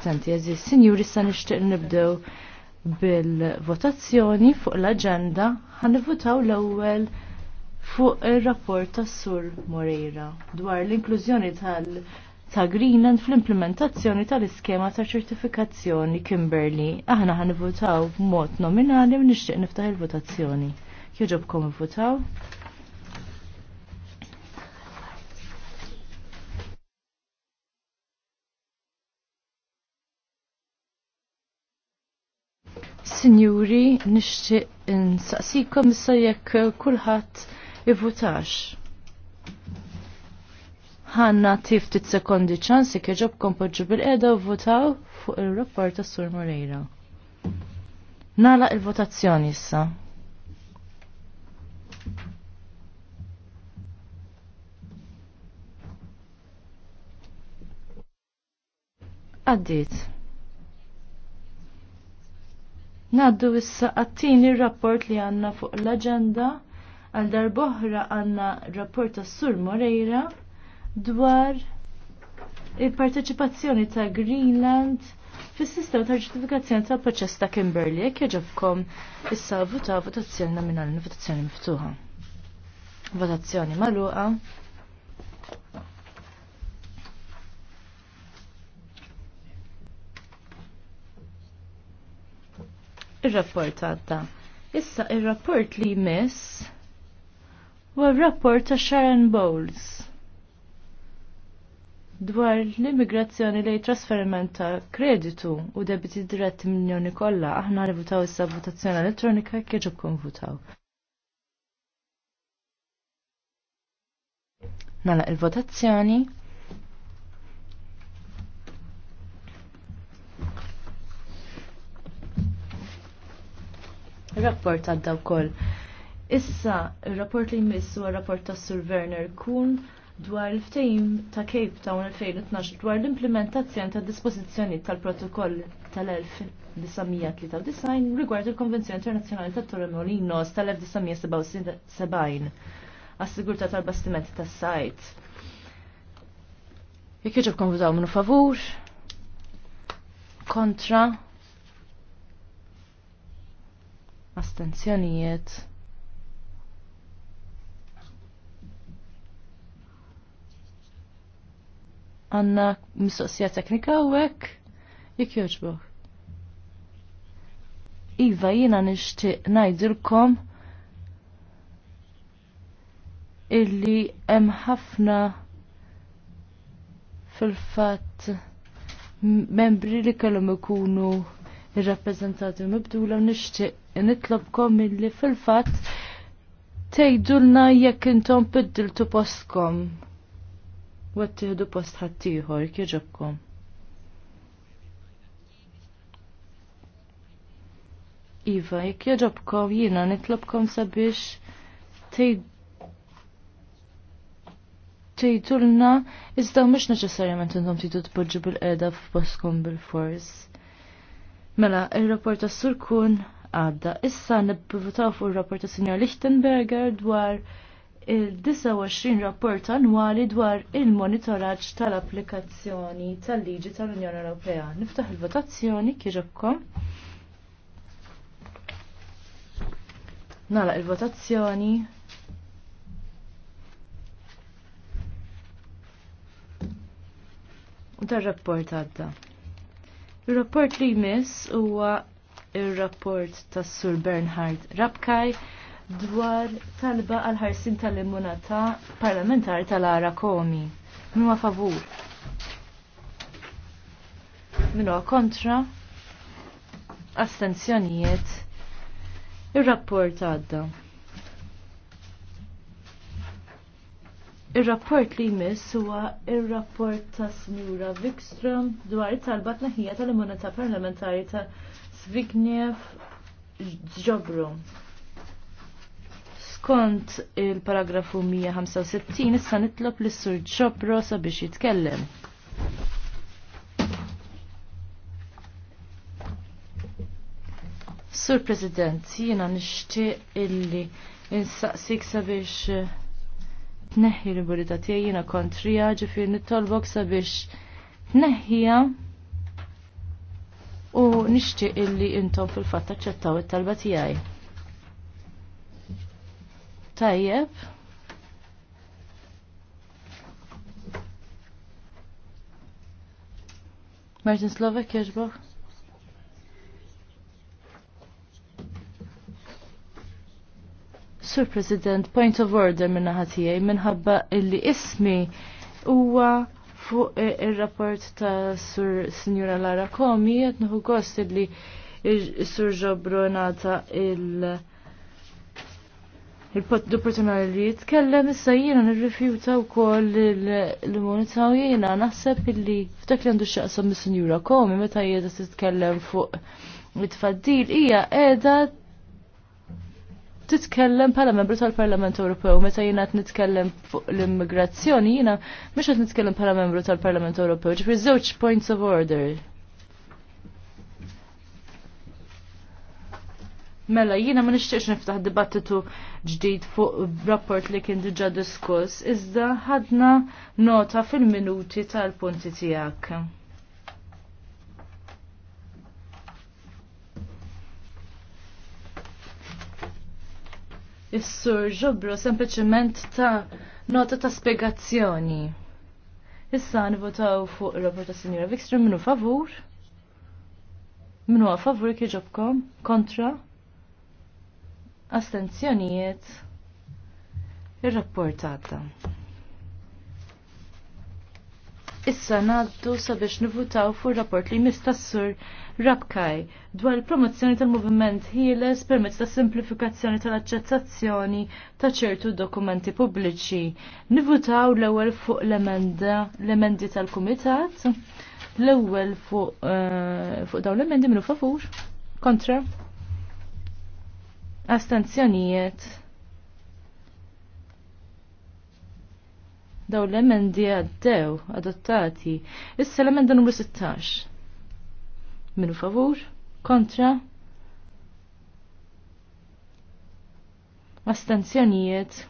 Tanti għaziz, sinjuri sa nishtiq nibdew bil-votazzjoni fuq l-agenda ħanivutaw l-ewwel fuq ir-rapport tas Sur Moreira dwar l-inklużjoni tal- ta' Greenland fl-implementazzjoni tal-iskema ta' ċertifikazzjoni Kimberly. Aħna ħanivutaw b'mod nominali u nixtieq niftaħ il-votazzjoni. Kieġobkom votaw? Sinjuri, nixtieq insaqsikom issa jekk kulħadd ivvutax. Ħanna tif ftit sekondi ċansi jekk jġobkom poġġu bil-qeda u votaw fuq ir-rapport tas Sur Moreira. Nala il-votazzjoni issa. Għaddit. Naddu issa għattini rapport li għanna fuq l-agenda għal darboħra għanna rapport ta' Sur Moreira dwar il-parteċipazzjoni ta' Greenland fis sistema ta' ġustifikazzjoni ta' proċess ta' Kimberley jekk jaġobkom issa votaw votazzjoni nominali votazzjoni miftuħa. Votazzjoni maluqa. ir-rapport għadda. Issa ir-rapport li jmiss u r-rapport ta' Sharon Bowles dwar l-immigrazzjoni li trasferiment ta' kreditu u debiti diretti miljoni kollha aħna nivutaw issa votazzjoni elettronika kieġu votaw. Nala il-votazzjoni. rapport għadda wkoll. Issa, il-rapport li jmissu għal-rapport ta' Sir Werner Kuhn dwar il-ftejim ta' Cape Town 2012 dwar l-implementazzjoni ta' dispożizzjoni tal-protokoll tal-1993 rigward il-Konvenzjoni Internazzjonali ta' Torremolinos tal-1977 għas-sigurta tal-bastimenti tas sajt Jekk jiġu konvutaw minnu favur, kontra, astenzjonijiet għanna mistoqsija teknika u għek jek joġbok. Iva jina nishtiq najdilkom illi hemm ħafna fil-fatt membri li kellhom ikunu ir rappresentati mibdula u nixtieq nitlobkom milli fil-fatt tgħidulna jekk intom biddiltu postkom. U għattihdu post ħaddieħor kieġobkom. Iva, jekk jogħġobkom jiena nitlobkom sabiex tejdulna tgħidulna iżda neċessarjament intom tidu tpoġġu bil-qiegħda f'postkom bil-fors. Mela, il-rapport tas Sur Kun għadda. Issa nibbivutaw fuq il-rapport tas Sinjor Lichtenberger dwar il-29 rapport annwali dwar il-monitoraġġ tal-applikazzjoni tal-liġi tal-Unjoni Ewropea. Niftaħ il-votazzjoni kieġobkom. Nala il-votazzjoni. Dar rapport għadda. Il-rapport li jmiss huwa il-rapport tas Sur Bernhard Rabkaj dwar talba għal ħarsin tal-immunità parlamentari tal-Ara Komi. huwa favur. huwa kontra. Astenzjonijiet. Il-rapport għadda. Il-rapport li jmiss huwa il-rapport ta' Snura Wikström dwar it talba tnaħija tal-immunità parlamentari ta' Zvigniew Ġobru. Skont il-paragrafu 165 issa nitlob l sur Ġobro sabiex jitkellem. Sur President, jiena nixtieq illi insaqsik sabiex tneħħi l-immunità tiegħi jiena kontrija ġifier nittolbok sabiex tneħħija u nixtieq illi intom fil-fatt taċċettaw it-talba tiegħi. Tajjeb. Martin Slovak jaġbok? Sur President, point of order minna ħatijaj, minħabba illi ismi huwa fuq eh, il-rapport ta' Sur Signora Lara Komi, jatnuħu gost illi Sur Ġobronata il- il-opportunità li jitkellem issa jiena nirrifjuta wkoll l-immunità u jiena naħseb illi f'dak li għandu x'aqsam mis-Sinjura Komi meta jieda titkellem fuq it-tfaddil hija qiegħda titkellem bħala membru tal-Parlament Ewropew. Meta jiena qed nitkellem fuq l-immigrazzjoni jiena mhux qed nitkellem bħala membru tal-Parlament Ewropew. Ġifri żewġ points of order. Mela, jiena ma nixtiex niftaħ dibattitu ġdid fuq rapport li kien diġà diskuss, iżda ħadna nota fil-minuti tal-punti tiegħek. is-sur ġobru sempliċement ta' nota ta' spiegazzjoni. Issa nivotaw fuq il-rapport ta' Sinjora Vikstra minnu favur. Minnu a favur kieġobkom, kontra, astenzjonijiet, il-rapport Issa naddu sabiex nivutaw fuq rapport li mistassur Rabkaj dwar il-promozzjoni tal-moviment ħieles permezz ta' simplifikazzjoni tal-aċċettazzjoni ta' ċertu dokumenti pubbliċi. Nivutaw l-ewwel fuq l-emendi tal-kumitat, l-ewwel fuq eh, fuq dawn l-emendi minnu favur, kontra, Astanzjonijiet? Daw l-emendi għaddew, adottati. Issa l-emenda numru 16. Minu favur? Kontra? Astenzjonijiet?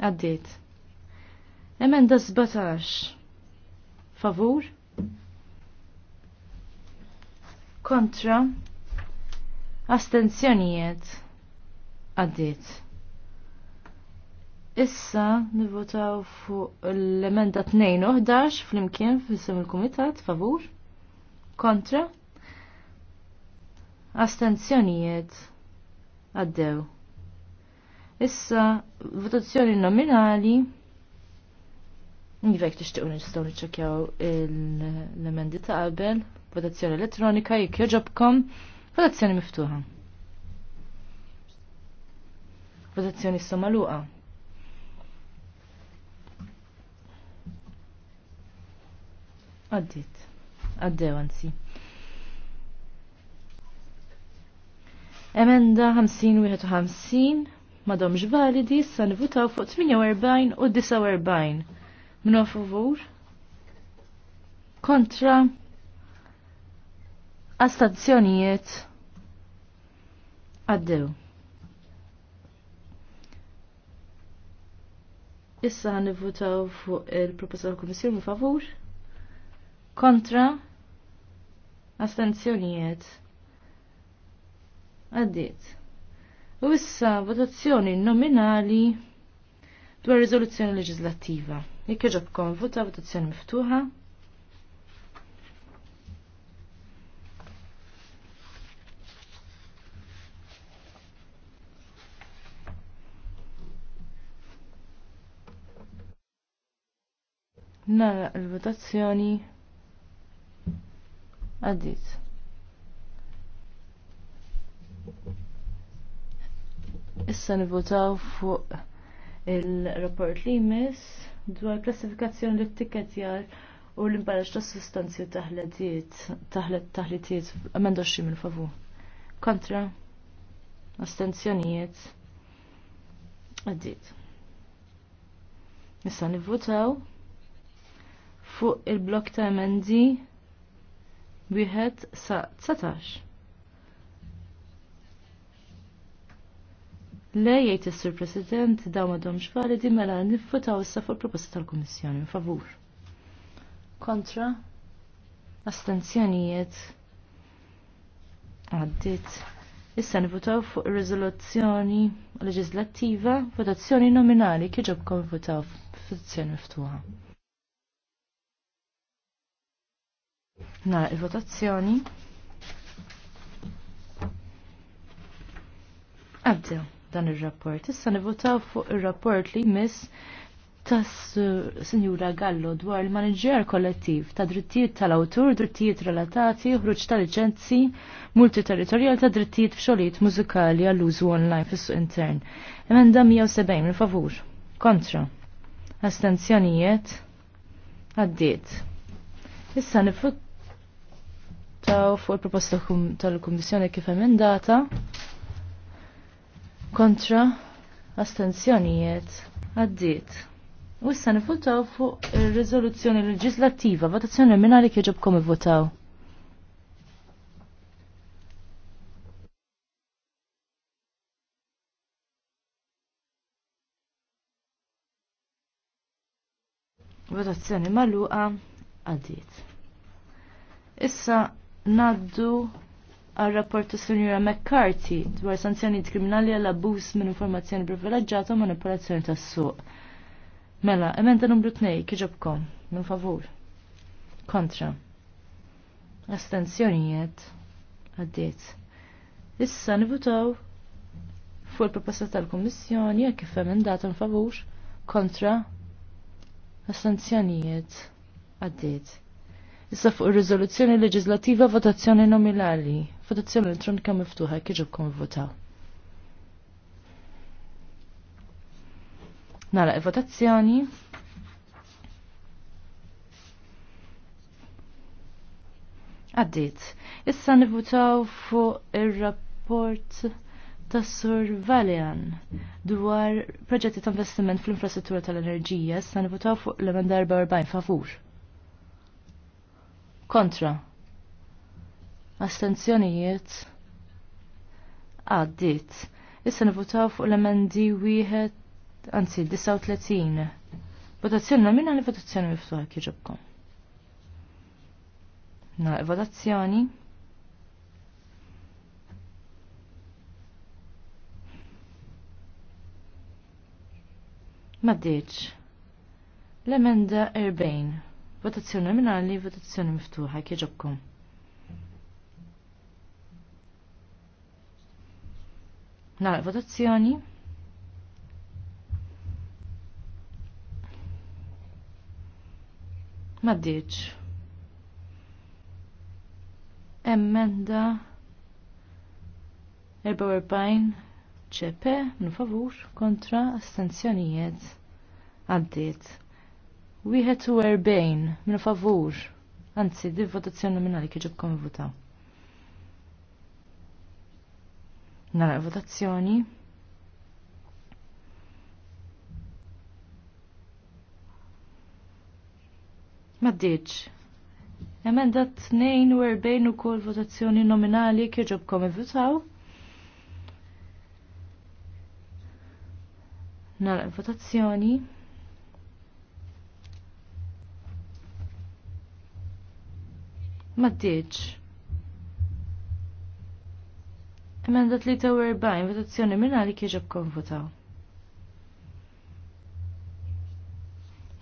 Għaddit. Emenda 17. Favur? Kontra? Astenzjonijiet? Għaddit. Issa nivvotaw fuq l-emenda 2-11 fl-imkien fissim il-komitat, favur? Kontra? Astenzjonijiet? Addew. Issa, votazzjoni nominali. Nivek tixtiqu nistaw nċakjaw l-emendi ta' qabel, votazzjoni elettronika, jekk joġobkom, votazzjoni miftuħa. Votazzjoni sommaluqa. Għaddit. Għaddew għansi. Emenda 50-51 madom ġvalidi issa nivutaw fuq 48 u 49. Minu favur? Kontra? Astazzjonijiet? Għaddew. Issa nivutaw fuq il-proposta tal-Komissjoni favur? kontra astenzjonijiet għaddit. U issa votazzjoni nominali dwar riżoluzzjoni leġislattiva. Jekk ġobkom vota votazzjoni miftuħa. Nara l-votazzjoni. Għaddit. Issa nivotaw fuq il-rapport li jmiss dwar klassifikazzjoni l tikketjar u l-imbarax ta' sustanzi taħletiet, taħletiet, amendo xi minn favu. Kontra, astenzjonijiet, għaddit. Issa nivotaw fuq il-blok ta' emendi wieħed sa 19. Le jgħid is-Sur President dawn m'għadhomx validi mela nifvotaw issa fuq proposta tal-Kummissjoni favur. Kontra astenzjonijiet għaddit. Issa nifutaw fuq riżoluzzjoni leġislattiva votazzjoni nominali kieġob kon votaw f'fizzjoni ftuħa. Nara il-votazzjoni. Għaddew dan il-rapport. Issa nivotaw fuq il-rapport li jmiss tas Sinjura Gallo dwar il-manager kollettiv ta' drittijiet tal-awtur, drittijiet relatati, ħruġ ta' liċenzi, multiterritorjal ta' drittijiet f'xogħlijiet mużikali għall-użu online fis-suq intern. Emenda 170 il-favur. Kontra. Astenzjonijiet. Għaddiet. Issa nifut nivvotaw fuq il-proposta tal-Kummissjoni kif emendata kontra astenzjonijiet għaddiet. U issa nivvotaw fuq ir-riżoluzzjoni leġislattiva, votazzjoni nominali kif kom votaw. Votazzjoni magħluqa għaddiet. Issa naddu għal rapport ta' Sinjura McCarthy dwar sanzjonijiet kriminali għal abbuż minn informazzjoni privileġġata u manipolazzjoni tas-suq. Mela, emenda numru 2 kieġobkom, minn favur. Kontra. Astenzjonijiet għaddiet. Issa nivutaw fuq il-proposta tal-Kommissjoni jekk kif emendata favur kontra astenzjonijiet għaddiet. Issa fuq ir-riżoluzzjoni leġislativa votazzjoni nominali. Votazzjoni elettronika miftuħa kieġobkom votaw. Nara votazzjoni. Għaddit. Issa nivutaw fuq ir-rapport ta' Sur Valian dwar proġetti ta' investiment fl-infrastruttura tal-enerġija. Issa nivutaw fuq l-emenda 44 favur kontra astenzjonijiet għaddit. Issa nivutaw fuq l-emendi wieħed anzi 39. Votazzjoni nominali votazzjoni miftuħa kieġobkom. Na, votazzjoni. Maddiċ. L-emenda 40. Votazzjoni nominali, votazzjoni miftuħa, kieġobkom. Na, votazzjoni. Maddiċ. Emmenda 44 ċepe, nufavur, favur, kontra astenzjonijiet għaddiet. Wieħed u erbejn, minn favur. Anzi, di votazzjoni nominali kieġib kom vota. Nara votazzjoni. Maddiċ. Emenda t t-nejn u erbejn kol votazzjoni nominali kieġob kom votaw. Nara votazzjoni. Maddiċ. Emenda 43, votazzjoni minna li kieġob konvotaw.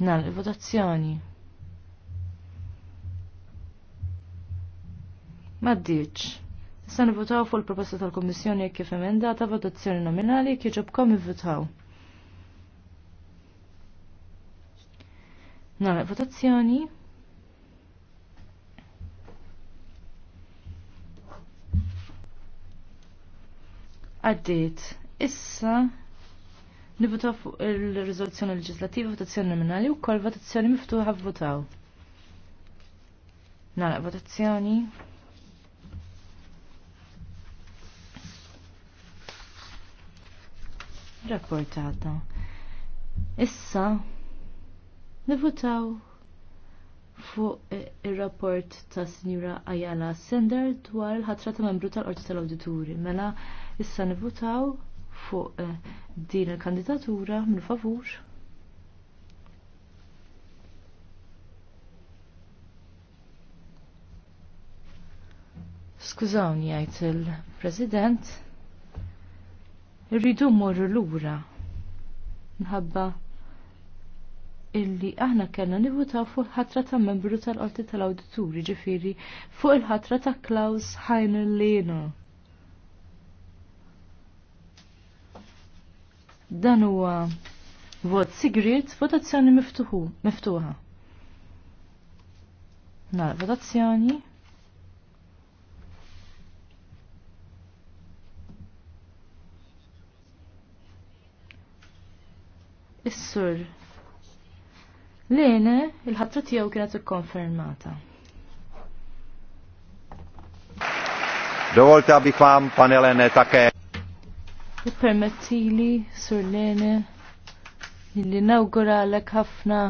Nal, votazzjoni. Maddiċ. Issa votaw fuq il-proposta tal-Kommissjoni kif emendata votazzjoni nominali kieġob kom votaw. Nal, votazzjoni. għaddit Issa nivutaw fuq il-rizoluzzjoni leġislativa votazzjoni nominali u kol votazzjoni miftuħa votaw. Nara votazzjoni. Rapportata. Issa nivotaw? fuq eh, ir-rapport ta' Sinjura Ayala Sender dwar il-ħatra ta' membru tal-Qorti tal-Awdituri. Mela issa nivutaw fuq eh, din il-kandidatura minn favur. Skużawni jgħid il-President, irridu mmorru lura minħabba illi aħna kellna nivutaw fuq il ħatra ta' membru tal-qorti tal-awdituri ġifiri fuq il-ħatra ta' Klaus Heiner Leno. Dan huwa vot sigriet, votazzjoni miftuħu, miftuħa. Nara votazzjoni. Is-sur Lene, il-ħatra tiegħu kienet ikkonfermata. Dovolte, abych panelene pane Lene, Permettili, sur Lene, illi nawguralek ħafna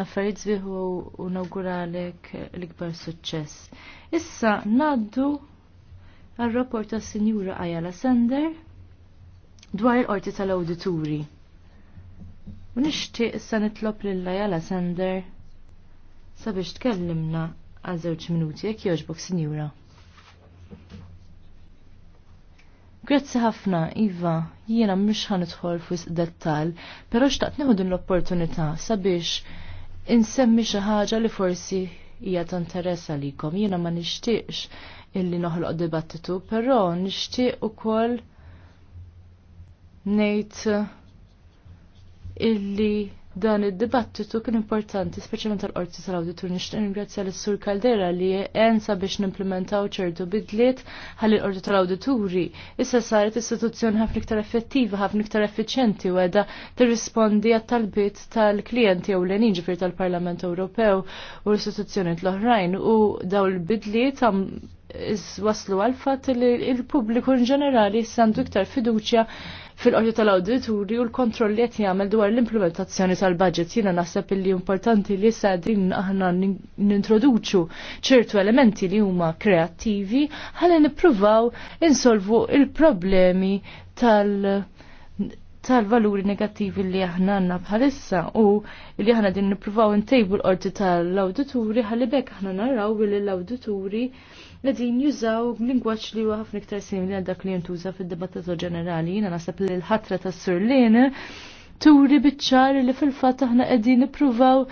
affarijiet zbiħu u nawguralek l-ikbar suċċess. Issa, naddu għal-rapport ta' Sinjura Ajala Sender dwar il-qorti tal-awdituri. U nixtieq issa nitlob lilla Jala Sender sabiex tkellimna għal żewġ minuti jekk jogħġbok sinjura. Grazzi ħafna, Iva, jiena mhux ħanidħol fuq s-dettall, però xtaqt nieħu din l-opportunità sabiex insemmi xi ħaġa li forsi hija ta' interess għalikom. Jiena ma nixtieqx illi noħloq dibattitu, però nixtieq ukoll ngħid illi dan id-dibattitu kien importanti, speċjalment tal-qorti tal auditur Nixtieq ringrazzja lis sur Caldera li ensa biex nimplementaw ċertu bidliet ħalli l-qorti tal-awdituri. Issa saret istituzzjoni ħafna iktar effettiva, ħafna iktar effiċjenti u għedha tirrispondi għat-talbiet tal-klijenti jew l ġifier tal-Parlament Ewropew u l-istituzzjoni l-oħrajn u daw l-bidliet waslu għal fat li l-pubbliku in ġenerali sandu iktar fiduċja fil-qorju tal-awdituri u l kontrolli qed jagħmel dwar l-implementazzjoni tal-budget. Jiena naħseb li importanti li sa din aħna nintroduċu ċertu elementi li huma kreattivi ħalli nippruvaw insolvu il-problemi tal- tal-valuri negattivi li aħna għanna bħalissa u li aħna din nipruvaw n-tejbu l-qorti tal-awdituri ħalli bekk aħna naraw li l-awdituri li din jużaw lingwaġġ li huwa ħafna iktar simili għal dak li jintuża fid-dibattitu ġenerali. Jiena naħseb li l-ħatra tas-Sur Lin turi biċċar li fil-fatt aħna qegħdin nippruvaw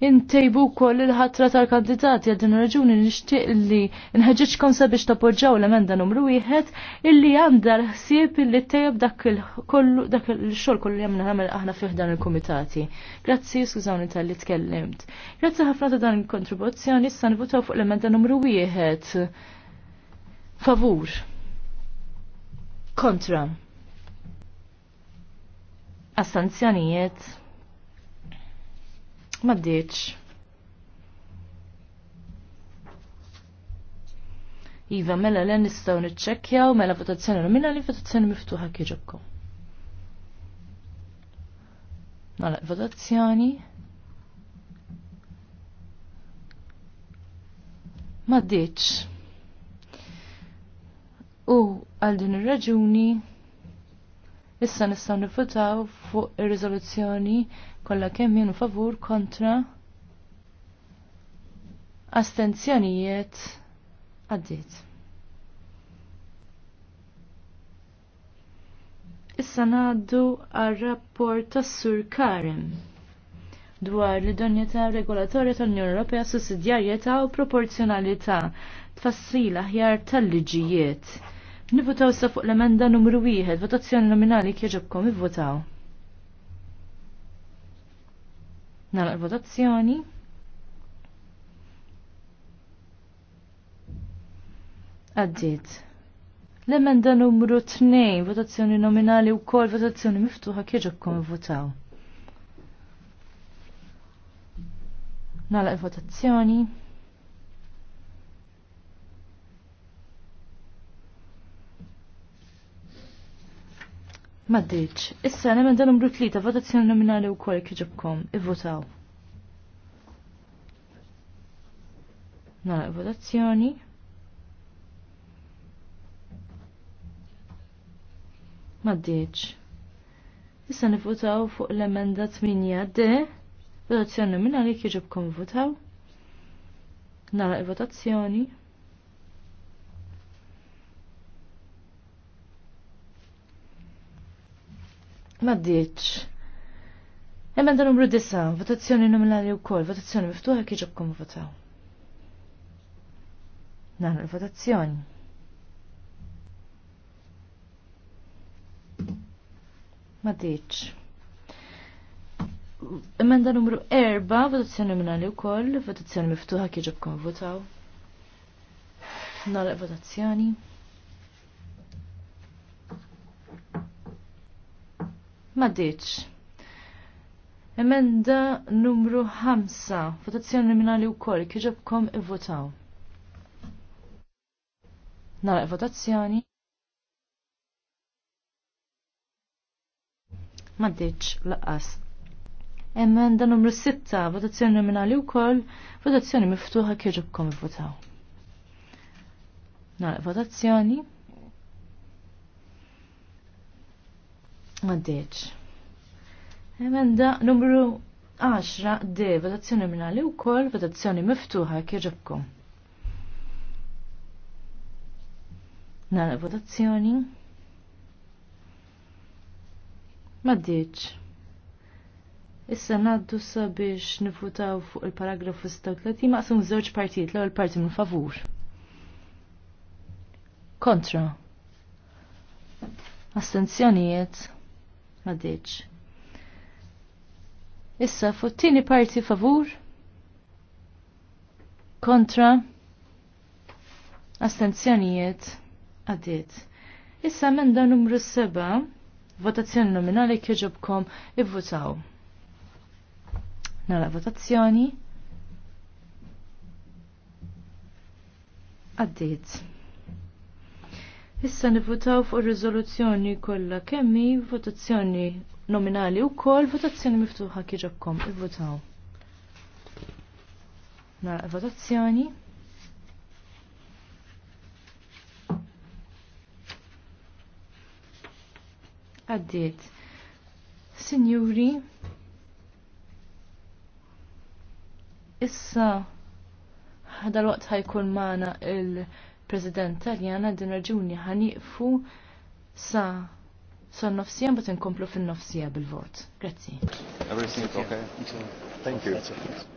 intejbu kol il-ħatra tal-kandidati din raġuni nishtiq li nħagġiċkom sabiex tappoġġaw l-emenda numru wieħed illi għandha l-ħsieb illi tejjeb dak il-xol kollu jemna għamil aħna fiħdan il-komitati. Grazzi, skużawni tal-li tkellimt. Grazzi ħafna ta' dan il-kontribuzzjoni, issa nivutaw fuq l-emenda numru wieħed. Favur. Kontra. Assanzjonijiet ddeċ. Iva, mela l nistaw nitċekjaw, mela votazzjoni nominali, votazzjoni miftuħa kieġokko. Mela, votazzjoni. ddeċ. U għal din ir-raġuni Issa nistgħu nifutaw fuq ir-riżoluzzjoni kollha kemm jienu favur kontra astenzjonijiet għaddiet. Issa naddu għar-rapport tas-Sur Karim dwar li donjeta regolatorja tal-Unjoni Ewropea sussidjarjetà u proporzjonalità tfassila ħjar tal-liġijiet. Nivvotaw sa fuq l-emenda numru 1, votazzjoni nominali kieġobkom ivvotaw. Nara l-votazzjoni. Għaddit. L-emenda numru 2, votazzjoni nominali u kol votazzjoni miftuħa kieġobkom ivvotaw. Nara l-votazzjoni. Maddiċ, issa nemmen dan numru tlita votazzjoni nominali u kol kħiġibkom, i-votaw. Nara votazzjoni. Maddiċ. Issa nifutaw fuq l-emenda 8 d. Votazzjoni nominali kħiġibkom votaw. Nara votazzjoni. Maddiċ. Emenda numru 9, votazzjoni nominali u kol, votazzjoni miftuħa kieġobkom votaw. Nagħmlu l-votazzjoni. Maddiċ. Emenda numru 4, votazzjoni nominali u kol, votazzjoni miftuħa kieġobkom votaw. Nagħmlu l votazzjoni. Madiċ. Emenda numru 5. Votazzjoni nominali wkoll kieġobkom ivvotaw. Nara votazzjoni. Madiċ laqas. Emenda numru 6. Votazzjoni nominali wkoll, votazzjoni miftuħa kieġobkom i-votaw. Nara votazzjoni. Maddeċ. Emenda numru 10 D, votazzjoni minali u kol, votazzjoni miftuħa kieġabkom. Nara votazzjoni. Maddiċ. Issa naddu sabiex nifutaw fuq il-paragrafu 36 maqsum żewġ partijiet l-ewwel parti minn favur. Kontra. Astenzjonijiet ma deċ. Issa fuq tieni parti favur kontra astenzjonijiet Għadiet. Issa emenda numru 7 votazzjoni nominali kieġobkom i-votaw. Nala votazzjoni. Għadiet. Issa nivutaw fuq riżoluzzjoni kollha kemmi votazzjoni nominali u votazzjoni miftuħa kieġobkom ivvutaw. Nara votazzjoni. Għaddiet. Signuri, issa ħadal waqt ħajkun il- President Taljana din raġuni ħaniqfu sa sa nofsija bat inkomplu fin-nofsija bil-vot. Grazie. Everything okay? Thank you.